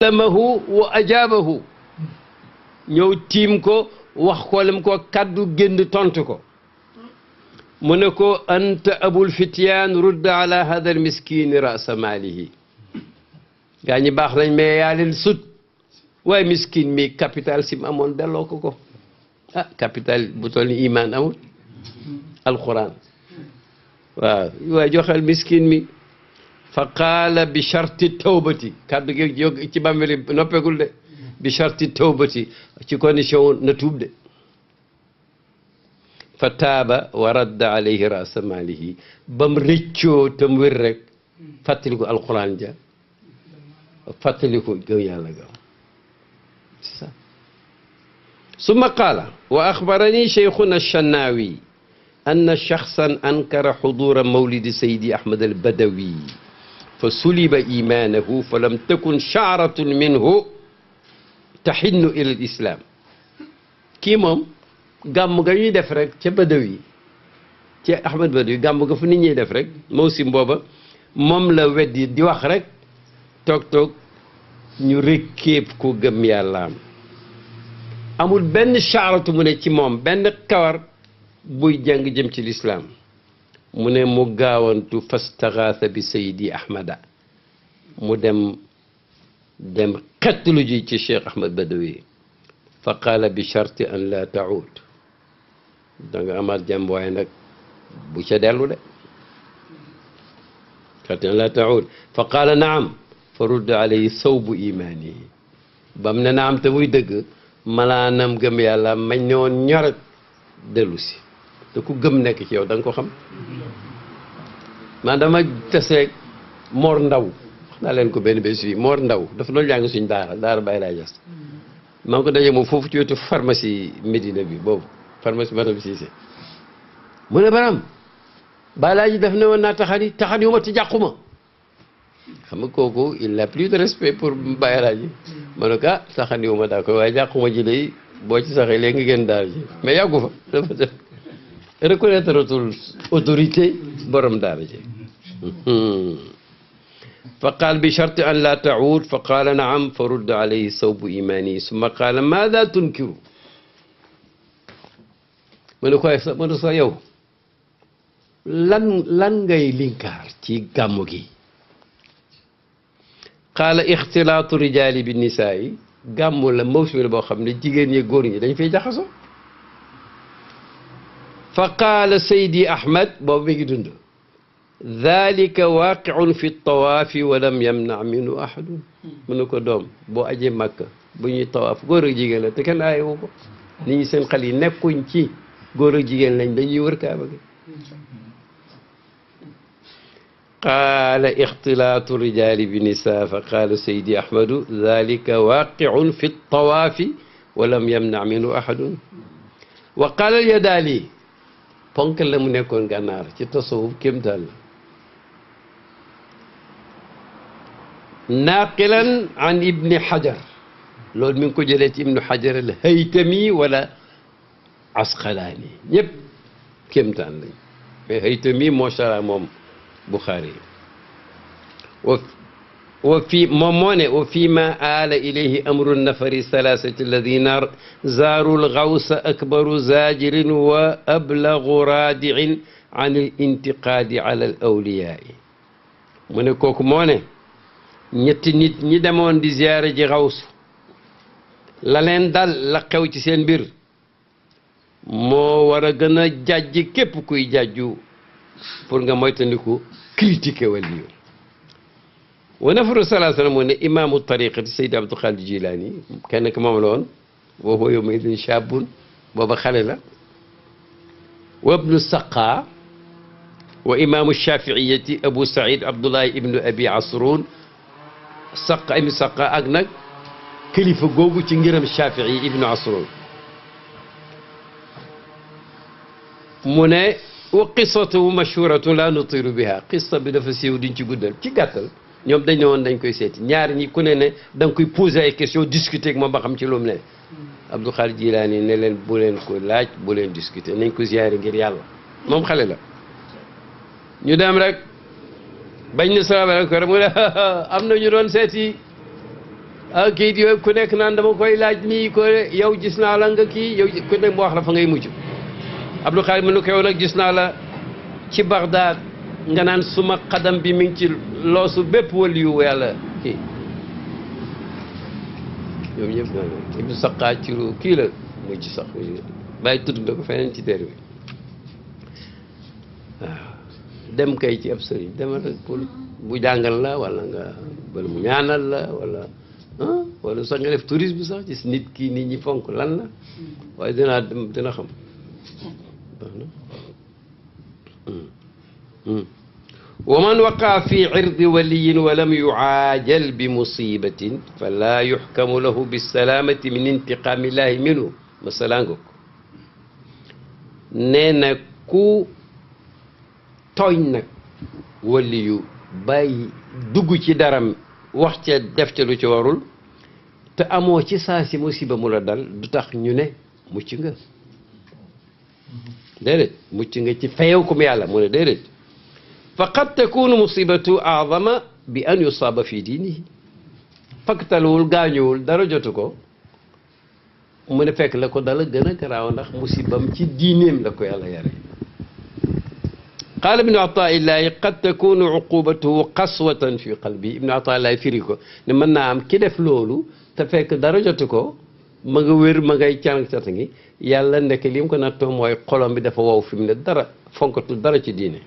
lamahu wa ajaabahu ñëw tiim ko wax ko lam ko kaddu génn tontu ko mu ne ko anta abul fityaan rudd ala hada almiskini rasa maalihi gaa ñi baax nañ mais yaa leen sut miskin mi capital sim amoon delloo ko ko ah capital bu toll iman amul alquran waaw waaye joxel miskin mi fa qaala bi charti tawbati kàddu gi yog ci bàmmeli noppeegul de bi charti tawbati ci condition na tuub de fa taaba wa radda alayhi rasa malihi bam rëccoo tam wér rek fàttaliku alquran ja fàttaliku gëm yàlla ga ça summa qaala wa axbarani cheikhuna channawi anna shaxsan ankara xudura mawlidi sayidi ahmad al badawi fa suliba imaanahu fa lam takun shaaratun minhu taxinnu ila l islaam kii moom gàmm ga ñuy def rek ca badaw yi ci ahmad badaw yi gàmm ga fu nit ñuy def rek mawsim booba moom la weddi di wax rek toog toog ñu rëkkéeb ku gëm yàllaam amul benn shaaratu mu ne ci moom benn kawar buy jàng jëm ci lislaam mu ne mu gaawantu fastaxaasa bi seydi ahmada mu dem dem xettlu ji ci cheikh ahmad badawi fa qaala bi charti an la taud da nga amaat jàmm nag bu ca dellu de la taud fa qaala naam fa rudd alayhi sawbu imaanihi bam ne naam te wuy dëgg malaanam gëm yàlla mañ ne woon ñoret dellu si ku gëm nekk ci yow da ko xam man dama teseeg Mor Ndaw wax naa leen ko benn bés fii Ndaw dafa doon jàng suñ daara daara Baye Laye Niass maa ngi ko daje moom foofu ci wetu pharmacie Médina bi boobu pharmacie Madame Cissé mu ne baram Baye Laye ji daf ne woon naa taxani taxani yu ma ci jàquma xam nga kooku il la plus de respect pour Baye Laye ji ma ne ko ah taxani yu ma daa koy waaye ma ji lay boo ci saxee léegi ngeen daal ji mais yàggu fa dafa def reconnaître autorité borom daara ji fa qaal bi charte an laa taud fa qaala naam fa rudd alayhi sawbu imaanihi summa qaala maada tunkiru ma ne ko ay ma ne ko yow lan lan ngay linkaar ci gàmmu gi qaala ixtilaatu rijaali bi nisaa yi gàmmu la mawsum la boo xam ne jigéen ñi góor ñi dañ fay jaxaso fa qaala saydi ahmad boobu mi ngi dund dalika waaqiun fi tawaafi walam yamna minhu ahadun mu ne ko doom boo ajee màkk bu ñuy tawaaf góor ak jigéen la te kenn aayewu ko nit ñi seen xel yi nekkuñ ci góor ak jigéen lañ dañuy wër kaaba gi qaala ixtilaatu rijaali bi nisaa fa qaala saydi ahmadu dalika waaqiun fi tawaafi walam yamna minhu ahadun wa qaala al yadaali ponk la mu nekkoon gànnaar ci tasawuf kéem daal la naaqilan an ibni hajar loolu mi ngi ko jëlee ci ibnu hajar al haytami wala asqalaani ñëpp kéemtaan lañ mais haytami moo sara moom buxaari wa wa fii moom moo ne wa fii ma aala ilayhi amru nafari salaasati alladina zaaru lgawsa akbaru zaajirin wa ablagu raadicin an al intiqaadi ala al awliyaa mu ne kooku moo ne ñetti nit ñi demoon di ziyaare ji xaws la leen dal ci seen mbir moo war a gën a jàjj képp kuy jàjju pour nga moytandiku critiqué wàllu yow wa nafru salaa sallam mu ne imaamu tariqati Seydi Abdul Xaadir Jilaani la woon boobu yow may wa ibnu Saqa Abu Saïd Abdullahi ibnu Abi Asrun saq imi saqa ak nag kilifa googu ci ngiram Shafii ibnu Asrun mu ne wa qissatu mashhuratun la nutiru biha qissa bi dafa siiw diñ ci guddal ci gàttal ñoom dañ ne woon dañ koy seeti ñaar ñi ku ne ne da nga koy poser ay questions discuter ak moom ba xam ci lu mu ne Abdul Xaadir Jilaani ne leen bu leen ko laaj bu leen discuter nañ ko ziyaare ngir yàlla moom xale la ñu dem rek bañ ne salaamaaleykum rek mu ne am na ñu doon seeti ah kii yooyu ku nekk naan dama koy laaj nii ko yow gis naa la nga kii yow ku nekk mu wax la fa ngay mujj Abdou Khari mu ne ko yow gis naa la ci Bagdad nga naan suma xadam bi mi ngi ci loosu bépp waliyu yàlla kii ñoom ñëpp ibnu kii la muy ci sax bàyyi tudd na ko feneen ci teer bi dem kay ci ab sëriñ demal pour mu jàngal la wala nga bala mu ñaanal la wala ah, wala sax nga def tourisme sax gis nit ki nit ñi fonk lan la waaye dinaa dem dina xam wa man waqaa fi irdi waliyin wa lam yuaajal bi musibatin falaa yuxkamu lahu bisalaamati min intiqaamillahi minhu masalaango nee na ku tooñ nag wali yu bàyyi dugg ci daram wax ca def ca lu ci warul te amoo ci saa si musiba mu la dal du tax ñu ne mucc nga déedéet mucc nga ci feyew kum yàlla mu ne déedéet fa qad takunu musibatu aadama bi an yusaaba fi diinihi faktaluwul gaañuwul dara jotu ko mu ne fekk la ko dala gën a garaaw ndax musibam ci diineem la ko yàlla yare qaala ibnu ataillahi qad takunu uqubatuhu qaswatan fi qalbi ibnu ataillahi firi ko ne mën naa am ki def loolu te fekk dara jotu ko ma nga wér ma ngay canang-cata ngi yàlla nekk li mu ko nattoo mooy xolom bi dafa wow fi mu ne dara fonkatul dara ci diine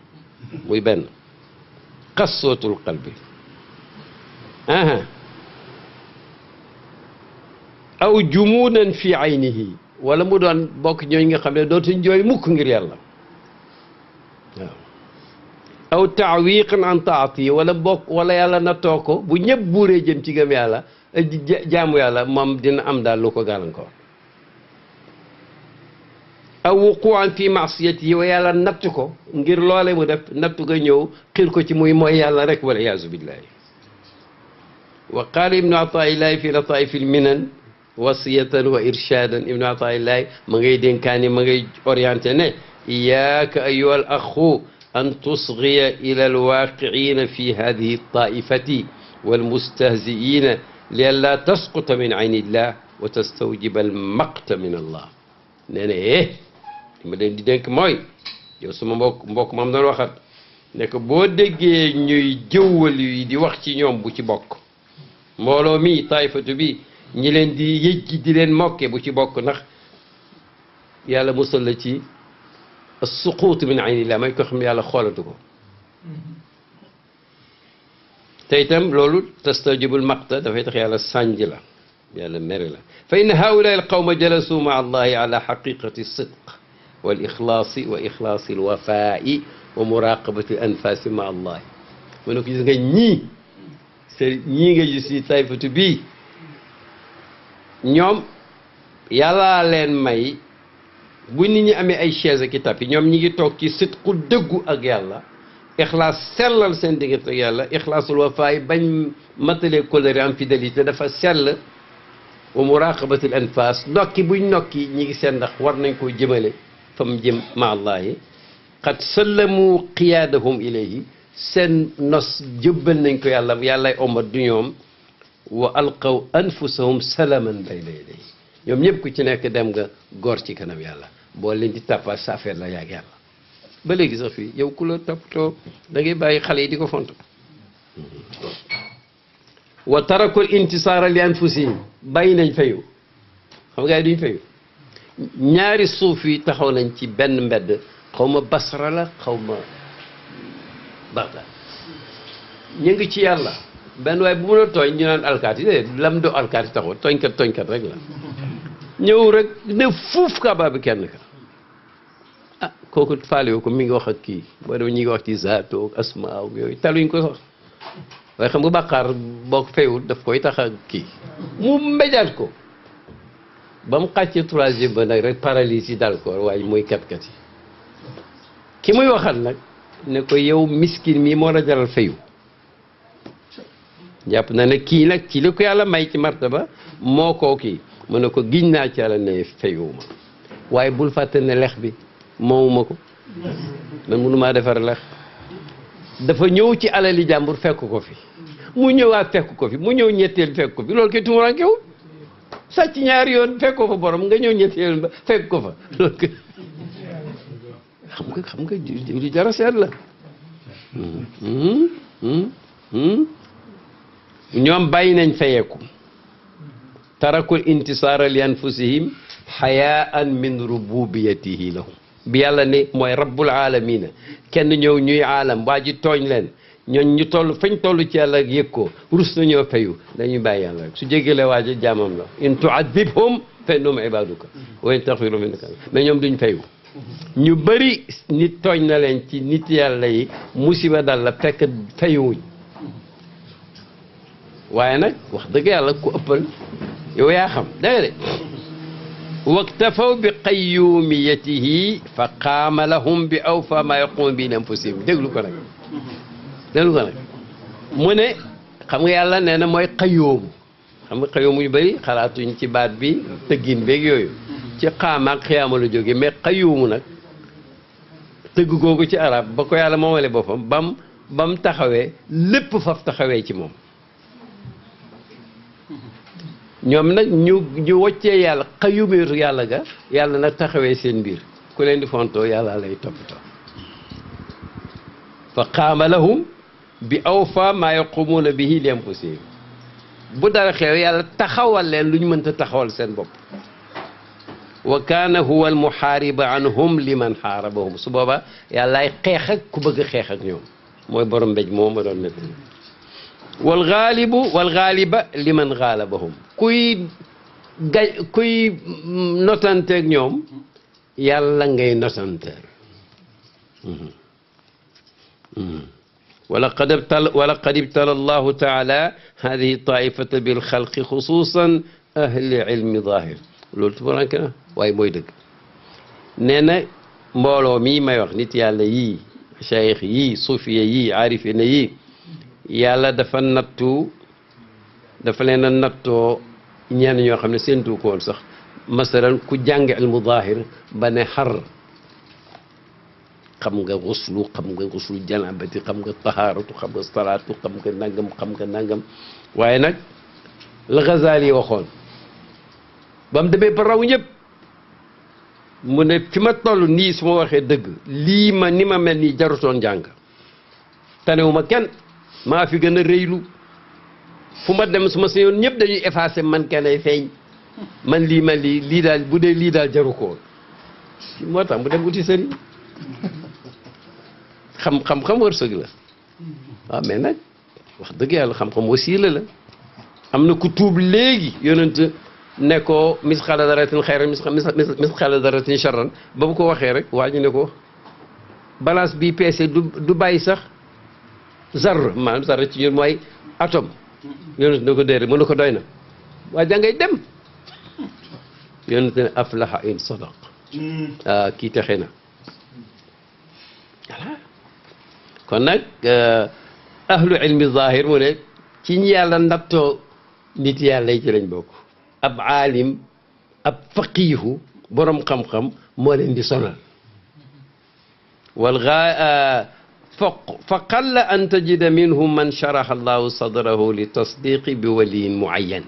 muy benn qaswatul qalbi aha aw jumuunan fi aynihi wala mu doon bokk ñooñu nga xam ne dootuñ jooy mukk ngir yàlla waaw aw taawiqan an taati wala bokk wala yàlla nattoo ko bu ñëpp buuree jëm ci gëm yàlla jaamu yàlla moom dina am daal lu ko gàllankoor aw wuquan fi masiyati yi wa yàlla natt ko ngir loole mu def natt ko ñëw xiir ko ci muy mooy yàlla rek wala iyaazu billahi wa qaala ibnu ataillahi fi lataif lminan wasiyatan wa irshadan ibnu ataillahi ma ngay dénkaani ma ngay orienté ne iyaaka ayuha al axu أن تصغي إلى الواقعين في هذه الطائفة والمستهزئين لئلا تسقط من عين الله وتستوجب المقت min allah nee na eh li ma leen di dénk mooy yow suma mbokk mbokk moom doon waxat ne ko boo déggee ñuy jëwal yi di wax ci ñoom bu ci bokk mbooloo mi taayifatu bi ñi leen di yëjji di leen mokke bu ci bokk ndax yàlla musal la ci suquut min aynillah mooy ko xam ne yàlla xoolatu ko te itam loolu tastajibul maqta dafay tax yàlla sànj la yàlla mere la fa in haulai alqawma jalasu maa allahi ala xaqiqati sidq wal ixlaasi wa ixlaasi alwafaai wa muraqabati anfaasi maa allahi mu ne ko gis nga ñii te ñii nga gis yi tayfatu bii ñoom yàllaa leen may bu nit ñi amee ay chaise ak i tapis ñoom ñi ngi toog ci sit ku dëggu ak yàlla ixlaas sellal seen diggante ak yàlla ixlaasul wafaay bañ matale colère am fidélité dafa sell wa muraqabatul anfas nokki buñ nokki ñi ngi seen ndax war nañ koo jëmale fa mu jëm ma allahi xat sallamu qiyaadahum ilayhi seen nos jëbbal nañ ko yàlla yàllay omat du ñoom wa alqaw anfusahum salaman bayna yadayhi ñoom ñëpp ku ci nekk dem nga góor ci kanam yàlla boo leen di tàppaat sa affaire la yaag yàlla ba léegi sax fii yow ku la toppatoo da ngay bàyyi xale yi di ko font wa tarakul intisaara li anfusihim bàyyi nañ fayu xam nga duñ fayu ñaari suuf yi taxaw nañ ci benn mbedd xaw ma basra la xaw ma baxda ñu ngi ci yàlla benn waaye bu mën a tooñ ñu naan alkaati de lam do alkaati taxaw tooñkat tooñkat rek la ñëw rek ne fuuf kaaba kenn ka kooku faale ko mi ngi wax a kii boo demee ñu ngi wax ci zaato ak asmaaw yooyu taluñ ko sax waaye ko fayul daf koy tax ak kii mu mbéjaat ko ba mu xàccee troisième ba nag rek paralysie yi dal ko waaye mooy kat-kat yi ki muy waxal nag ne ko yow miskin mi moo la jaral fayu jàpp na ne kii nag ci li ko yàlla may ci martaba moo koo kii mu ne ko giñ naa ci yàlla ne fayuma waaye bul fàtte ne lex bi moomuma ko man mënumaa defar lex dafa ñëw ci alali jàmbur fekk ko fi mu ñëwaat fekk ko fi mu ñëw ñetteel fekk ko fi loolu kay tumurankewul sàcc ñaari yoon fekk ko fa borom nga ñëw ñetteel ba fekk ko fa loolu kay xam jara seet la hmm, hmm, hmm. ñoom bàyyi nañ fayeeku tarakul intisaara li anfusihim xayaan min rububiyatihi lahum bi yàlla ne mooy rabbul aalamiina kenn ñëw ñuy aalam waa tooñ leen ñoon ñu toll fañ toll ci yàlla yëg ko rus nañoo fayu dañuy bàyyi yàlla rek su jéggalee waa ji jaamam la in tuadibhum fa innahum ibaaduka wa in taghfir lahum innaka mais ñoom duñ ñu tooñ na leen ci nit yàlla yi musiba dal la fekk fayuwuñ waaye nag wax dëgg yàlla ku ëppal yow yaa xam waktafaw bi qayyumiyatihi fa qaama lahum bi aw ma yaquum bi anfusihim déglu ko nag déglu ko nag mu ne xam nga yàlla nee na mooy qayyoomu xam nga qayyoomu yu bëri xalaatuñ ci baat bi tëggin beeg yooyu ci qaama ak xiyaama la jóge mais qayyoomu nag tëgg googu ci arab ba ko yàlla moomale boppam bam bam taxawee lépp faf taxawee ci moom ñoom nag ñu ñu woccee yàlla xayumeetu yàlla ga yàlla na taxawee seen mbir ku leen di fontoo yàlla lay toppatoo fa qaama lahum bi awfa maa yaqumuuna bihi li anfusihim bu dara xew yàlla taxawal leen lu ñu mënta taxawal seen bopp wa kaana huwa almuhaariba anhum liman xaarabahum su booba yàllaay xeex ku bëgg xeex ak ñoom mooy borom mbéj moo ma doon nettali wal xaalibu wal xaaliba liman xaalabahum kuy gay kuy notanteeg ñoom yàlla ngay notanteel ولقد ابتلى ولقد ابتلى الله تعالى هذه الطائفة بالخلق خصوصا أهل علم ظاهر loolu tubaranke na waaye mooy dëgg nee na mbooloo mii may wax nit yàlla yii cheikh yii suufiya yii arifina yii yàlla dafa nattu dafa leen a nattoo ñenn ñoo xam ne seen du ko woon sax masalan ku jàng ilmu zahir ba ne xar xam nga xuslu xam nga xuslu janabati xam nga tahaaratu xam nga salaatu xam nga nangam xam nga nangam waaye nag la Ghazali waxoon ba mu demee ba raw ñëpp mu ne fi ma toll nii su ma waxee dëgg lii ma ni ma mel nii jarutoon jàng tanewuma kenn maa fi gën a rëylu fu ma dem su ma seyoon ñëpp dañuy effacé man keneen feeñ man lii man lii lii daal bu dee lii daal jaru ko moo tax mu dem uti sëriñ xam xam xam wërsëg la waaw mais nag wax dëgg yàlla xam-xam wasiila la am na ku tuub léegi yonent ne ko misqaala daratin xayran misqaala daratin charran ba bu ko waxee rek waa ñu ne ko balance bi peese du du bàyyi sax zarr maanaam zarr ci ñun mooy atome yonent na ko déere mën na ko doy na waaye da ngay dem yonent ne aflaha in sadaq ah kii texe na kon nag ah, ahlu ilmi zahir mu ci ñu yàlla nattoo nit yàlla yi ci lañ ab aalim ab faqiihu borom xam-xam di sonal wal ah, fa qalla an tajida minhum man sharaha allahu sadrahu li tasdiqi bi waliyin muayyan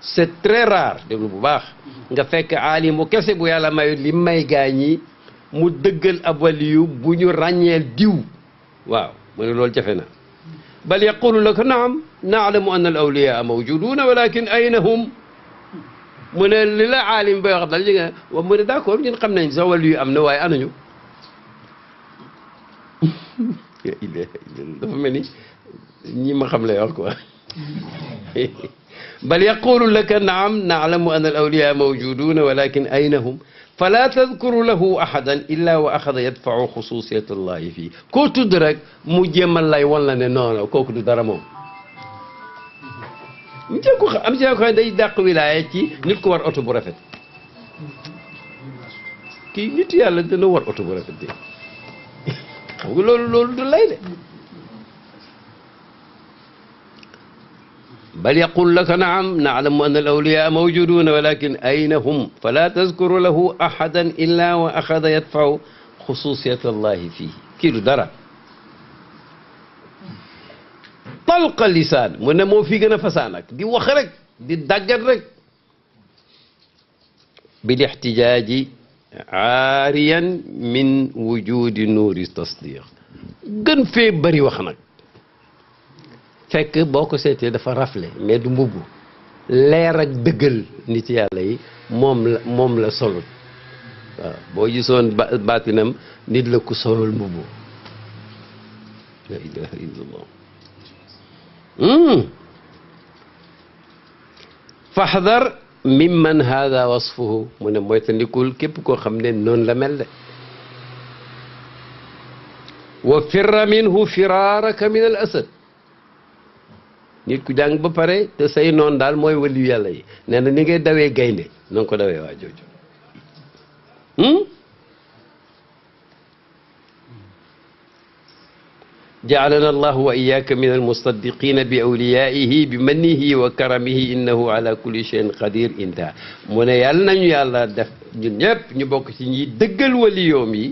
c'est très rare déglu bu baax nga fekk aalimu kese bu yàlla mayu li may gaa ñi mu dëggal ab waliyu bu ñu ràññeel diw waaw mu ne loolu jafe na bal yaqulu laka naam naalamu anna al awliyaa mawjuduuna walakin ayna hum mu ne li la aalim bay wax dal ji nga mu ne d'accord ñun xam nañ sax waliyu am na waaye anañu il est dafa mel ni ñi ma xam lay wax quoi bal yaqulu laka naam naalamu an al awliya mawjuduna walakin ayna hum fala tadkuru lahu ahadan illa wa axada yadfau xususiyat allahi fii koo tudd rek mu jéemal lay wan la ne noono kooku du dara moom ñu cee ko am cee ko day dàq wilaaya ci nit ku war oto bu rafet kii nit yàlla dana war oto bu rafet de donc loolu loolu du lay de bal yaqul laka naam naalamu anna al awliyaa mawjuduuna walakin ayna hum fala tazkuru lahu ahadan illa wa axada yadfau xususiyat allahi fii kii du dara talqa lisaan mu ne moo fii gën a fasaan ak di wax rek di daggat rek bil ixtijaaji aariyan min wujudi nuuri tasdiq gën fee bëri wax nag fekk boo ko seetee dafa rafle mais du mbubb leer ak dëggal nit yàlla yi moom la moom la solut boo gisoon baatinam nit la ku solul mbubb la ilaha illallah hmm. mimman haada wasfuhu mu ne moytandikul képp koo xam ne noonu la mel de wa firra minhu firaaraka min al asad nit ku jàng ba pare te sey noon daal mooy waliyu yàlla yi nee na ni ngay dawee gaynde na nga ko dawee waa jooju hmm? ja'alana allahu wa iyyaka min almusaddiqina bi awliyaihi bi mannihi wa karamihi innahu ala kulli shay'in qadir inta mu ne yàlla nañu yàlla def ñun ñëpp ñu bokk ci ñi dëggal waliyoom yi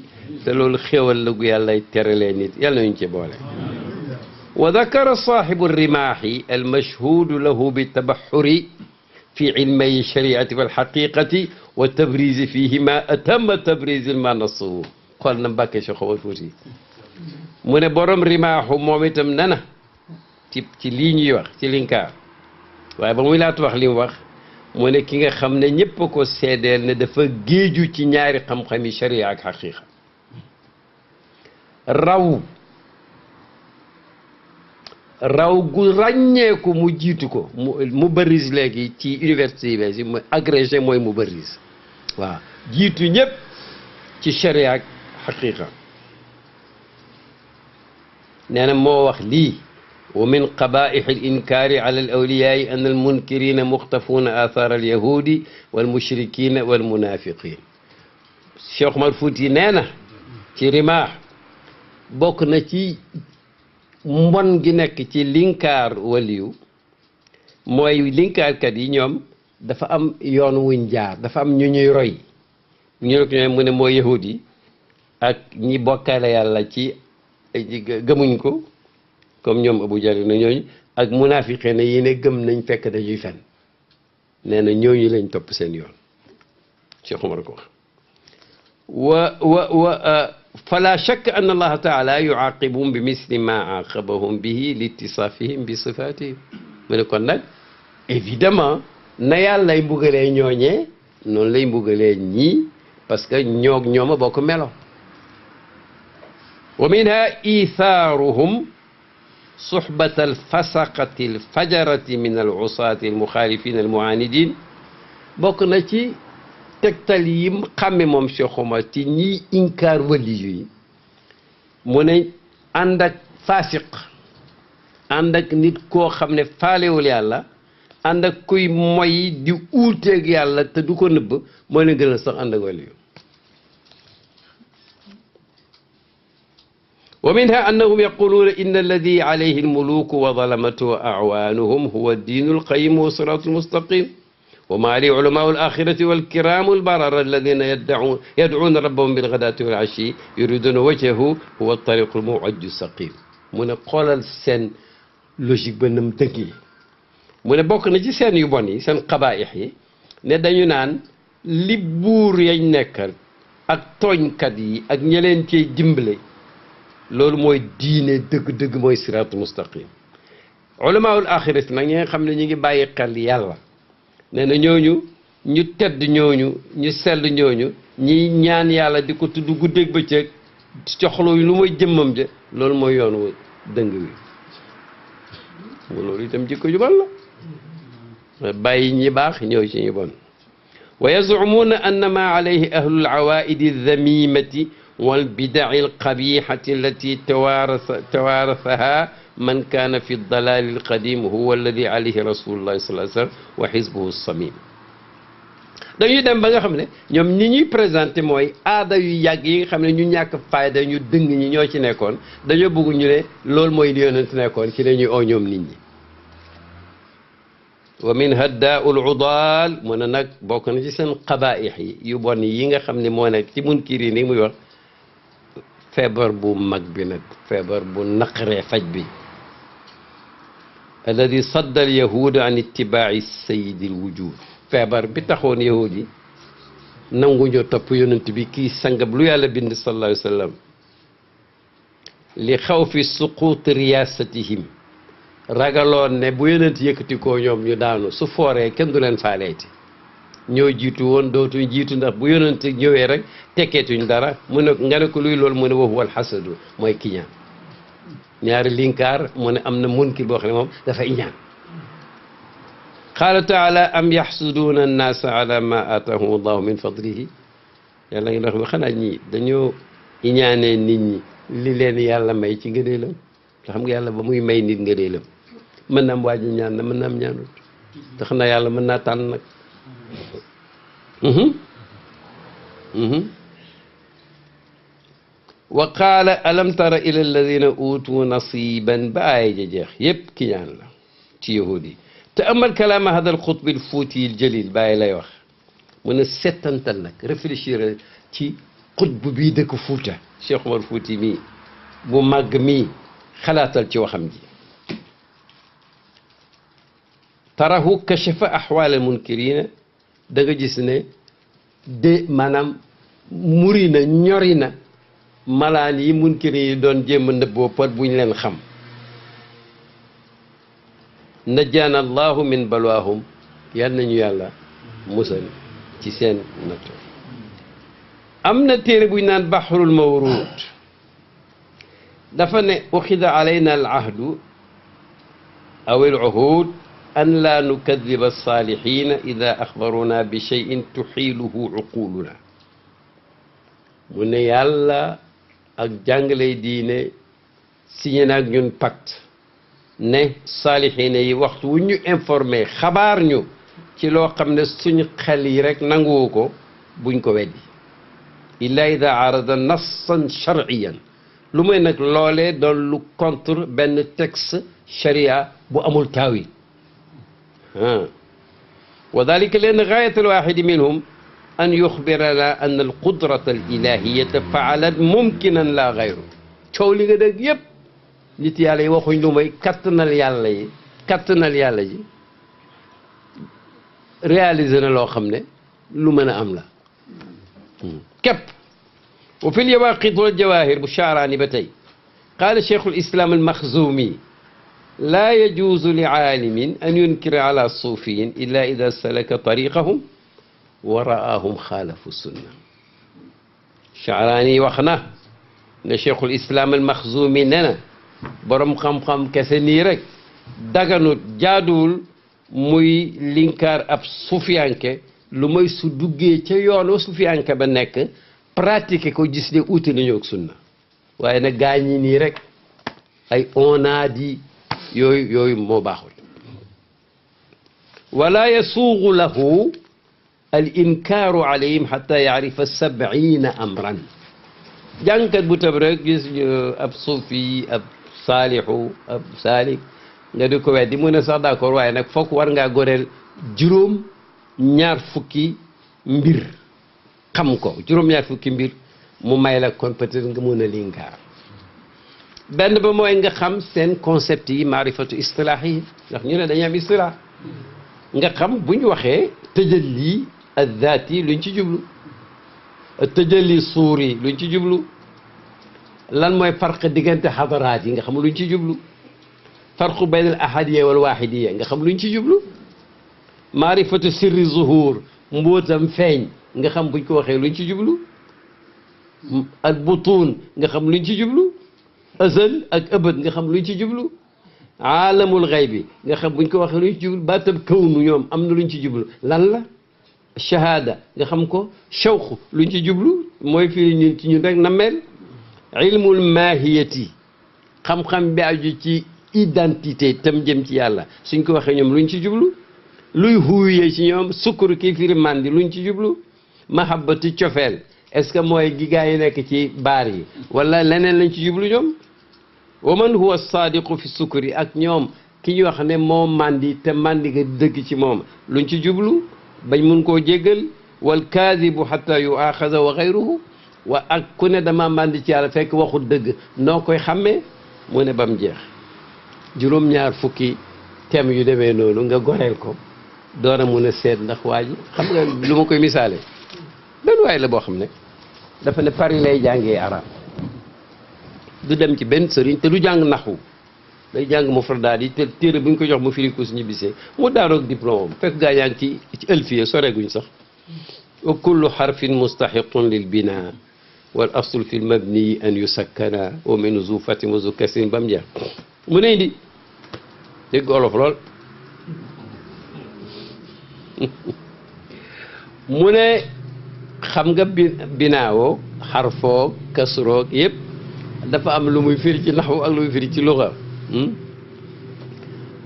te loolu xéwal la gu yàllay teralee nit yàlla nañu ci boole wa dakara saahibu rimaahi almashhuudu lahu bitabaxuri fi ilmay shariati walxaqiqati wa tabrizi fihima atama tabrizi ma nasuhu xool na mbàkke si xawa tuuti mu ne borom rimaaxu moom itam nana ci ci lii ñuy wax ci linkaar waaye ba muy laatu wax li wax mu ne ki nga xam ne ñépp ko seedeel ne dafa géeju ci ñaari xam-xami sharia ak xaqiqa raw raw gu ràññeeku mu jiitu ko mu baris bëris léegi ci université yi bees mu agrégé mooy mu bëris waaw jiitu ñépp ci sharia ak xaqiqa nee na moo wax lii wa min qabaixi al inkaari ala al awliyaai an al munkirina muxtafuuna athar al yahudi mu mushrikina wal munafiqin Cheikh Omar Fouti nee na ci rimaax bokk na ci mbon gi nekk ci linkaar waliyu mooy linkaarkat yi ñoom dafa am yoon wuñ jaar dafa am ñu ñuy roy ñu ñooy mu ne mooy yahudi yàlla ci gëmuñ ko comme ñoom Abu Jahl na ñooñu ak munaafiqe ne yi ne gëm nañ fekk dañuy fen nee na ñooñu lañ topp seen yoon Cheikh Omar ko wax wa wa wa fala shakka anna bi misli ma aaqabahum bihi li ittisaafihim bi sifatihim mu ne kon nag évidemment na yàllay mbugalee ñooñee noonu lay mbugalee ñi parce que ñoog ñooma bokk melo wa minha ithaaruhum suxbat alfasaqati alfajarati min alusaati almuxaalifin almuaanidin bokk na ci tegtal yim xàmme moom Cheikh Omar ci ñiy inkaar waliyu yi mu ne ànd ak faasiq ànd ak nit koo xam ne faalewul yàlla ànd ak kuy moy di uuteeg yàlla te du ko nëbb moo leen gënal sax ànd ak waliyu wa minha annahum yaquluuna inna alladi alayhi almuluku wa dalamatu acwaanuhum huwa diinu alqayim wa siraatu almustaqim wa ma li ulamaau alaxirati walkiraamu albarara alladina yaddacuun yadcuuna rabbahum bilgadaati walcashi yuriduuna wajhahu huwa altariqu almuwajju saqim mu ne xoolal seen logique ba nam dëngee mu ne bokk na ci seen yu bon yi seen xabaa'ix yi ne dañu naan li buur yañ nekkal ak tooñkat yi ak ña leen cee dimbale loolu mooy diine dëgg-dëgg mooy siraatul mustaqim ulamaul axirat nag ñi nga xam ne ñu ngi bàyyi xel yàlla nee na ñooñu ñu tedd ñooñu ñu sell ñooñu ñiy ñaan yàlla di ko tudd guddeeg bëccëg coxlo lu mooy jëmmam ja loolu mooy yoon wu dëng wi loolu itam jikko ju bàyyi ñi baax ñëw ci ñi bon wa yazumuuna annama alayhi ahlul awaidi damimati والبدع القبيحة التي توارث توارثها من كان في الضلال القديم هو الذي عليه رسول الله صلى الله عليه وسلم وحزبه الصميم dañuy dem ba nga xam ne ñoom ñi ñuy présenté mooy aada yu yàgg yi nga xam ne ñu ñàkk fayda ñu dëng ñi ñoo ci nekkoon dañoo bëgg ñu ne loolu mooy li yonent nekkoon ci dañuy oo ñoom nit ñi wa min haddaa ul udaal mu ne nag bokk na ci seen xabaa'ix yi yu bon yi nga xam ne moo nekk ci munkiri ni muy wax feebar bu mag bi nag feebar bu naqaree faj bi alladi sadda al yahuud an ittibaai sayidi al wujud feebar bi taxoon yahuud yi nanguñoo topp yonent bi kii sangab lu yàlla bind sallallahu alayhi li xaw fi suquut riyaasatihim ragaloon ne bu yonent yëkkati koo ñoom ñu daanu su fooree kenn du leen faaleeti ñoo jiitu woon dootuñ jiitu ndax bu yonent ñëwee rek tekkeetuñ dara mu ne nga ko luy lool mu ne wa huwal xasadu mooy kiñaan ñaari linkaar mu ne am na munkir boo xam ne moom dafay ñaan qaala taala am yaxsuduuna annaasa ala ma aatahum allahu min fadlihi yàlla ngi wax xanaa ñii nit ñi li leen yàlla may ci ngëneelam te xam nga yàlla ba muy may nit ngëneelam mën na am waa ji ñaan na mën na am ñaanut te xam naa yàlla mën naa tànn nag Mm-hmm. Mm-hmm. wa qaala alam tara ila alladina utu nasiban ba aaya ja jeex yépp ki ñaan la ci yahudi yi te amal kalaama hada alxutbi alfuuti aljalil bàyyi lay wax mu ne settantal nag réfléchir ci xutb bii dëkk fuuta Cheikh Omar Fuuti mii bu màgg mii xalaatal ci waxam ji tarahu kashafa ahwal munkirina da nga gis ne de maanaam muri na ñori na malaan yi munkiri yi doon jéem a nëbboo pot bu ñu leen xam najjaana allahu min balwaahum yal nañu yàlla musal ci seen nattu am na téere buñ naan bahrul mawruud dafa ne uxida alayna al ahdu aw al uhud an laa nukadiba alsaalihiina ida axbaruna bi cheyin tuxiiluhu uquluna mu ne yàlla ak jàngaley diine si naag ñun pacte ne saalihiina yi waxtu wu ñu informé xabaar ñu ci loo xam ne suñ xel yi rek nanguwu ko buñ ko weddi illa ida aarada nassan charciyan lu muy nag loolee doon lu contre benn texte charia bu amul taawil wa dalika li anna gaayata alwaxidi minhum an yuxbirana an alqudrata alilahiyata faalat mumkinan laa gayru coow li nga dégg yépp nit yàlla yi waxuñ lu may kattanal yàlla yi kattanal yàlla ji réalisé na loo xam ne lu mën a am la hmm. képp wa fi lyawaqit wal jawahir bu chaaraani ba tey qaala cheikhu lislam almaxzumi la yajuuzu li aalimin an yunkira ala suufiyin illa ida salaka tariqahum wa raahum xaalafu sunna Cha'raani wax na ne cheikhul islaam al maxzuumi ne na boroom xam-xam kese nii rek daganut jaaduwul muy linkaar ab suufiyanke lu mooy su duggee ca yoonu suufiyanke ba nekk pratiquer ko gis ne uute sunna waaye nag gaañi nii ay on yooyu yooyu moo baaxul wala yasuugu lahu al inkaaru alayhim xata yaarifa sabina amran jàngkat bu tëb rek gis ab suufi ab saalixu ab saalik nga di ko weddi mu ne sax d'accord waaye nag foog war ngaa goreel juróom ñaar fukki mbir xam ko juróom ñaar fukki mbir mu may la kon peut-être nga mën a linkaar benn ba mooy nga xam seen concept yi maarifatu istilaax yi ndax ñu ne dañuy am istilaax nga xam bu ñu waxee tëjalli addaat yi luñ ci jublu tëjalli suur yi luñ ci jublu lan mooy farq diggante xadaraat yi nga xam luñ ci jublu farqu bayn al ahadiya wal waahidiya nga xam luñ ci jublu maarifatu sirri zuhur mbóotam feeñ nga xam buñ ko waxee lu ci jublu al butun xam luñ ci jublu azal ak ëbët nga xam luñ ci jublu aalamul xay bi nga xam buñ ko waxee luñ ci jublu baatab kawnu ñoom am na lu ñu ci jublu lan la shahaada nga xam ko shawq luñ ci jublu mooy fii ñun ci ñun rek nameel ilmul maahiyati xam-xam bi aju ci identité tam jëm ci yàlla suñ ko waxee ñoom luñ ci jublu luy huuyee ci ñoom sukkur kii firi mandi luñ ci jublu mahabbati cofeel est-ce que mooy gi gaa yi nekk ci baar yi wala leneen lañ ci jublu ñoom wa man huwa saadiqu fi sukuri ak ñoom ki wax ne moom màndi te màndi nga dëgg ci moom luñ ci jublu bañ mun koo jéggal wal kaadibu xata yu axaza wa xayruhu wa ak ku ne dama màndi ci yàlla fekk waxul dëgg noo koy xàmmee mu ne ba mu jeex juróom-ñaar fukki thème yu demee noonu nga goreel ko doona mun seet ndax waa xam nga lu ma koy misaale benn waay la boo xam ne dafa ne Paris lay jànge arab du dem ci benn sëriñ te du jàng naxu day jàng mufradaat yi te téere bu ñu jox mu firi ko suñu bisee mu daaroog diplôme fekk gaa yaa ngi ci ci ëlfiye soreeguñ sax wa kullu xarfin mustaxiqun lil binaa wal aslu fi lmabniyi an yusakkana wa min zufatin wa zukasin mu ne di dégg olof lool mu ne xam nga bi binaawoo xarfoog yëpp dafa am lu muy firi ci naxwu ak lu muy firi ci luxa hmm?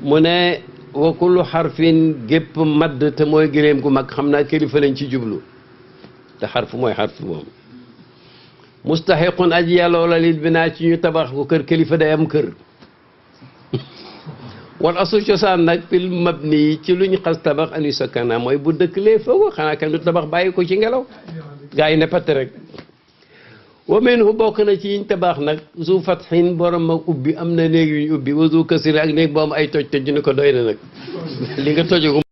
mu ne wa kullu xarfin gépp madd te mooy gëléem gu mag xam naa kilifa lañ ci jublu te xarf mooy xarf moom mustaxiqun aji yàlla wala binaa ci ñu tabax ko kër kilifa day am kër wal asu cosaan nag fil mabni ci lu ñu xas tabax anu sakkana mooy bu dëkk lee foofu xanaa kenn du tabax bàyyi ko ci ngelaw gaa yi ne patt wa minhu bokk na ci yiñ tabax nag su fatxin borom ak ubbi am na néeg yuñ ubbi wasu kasir ak néeg boom ay toj te ñu ne ko doy na nag li nga tojagu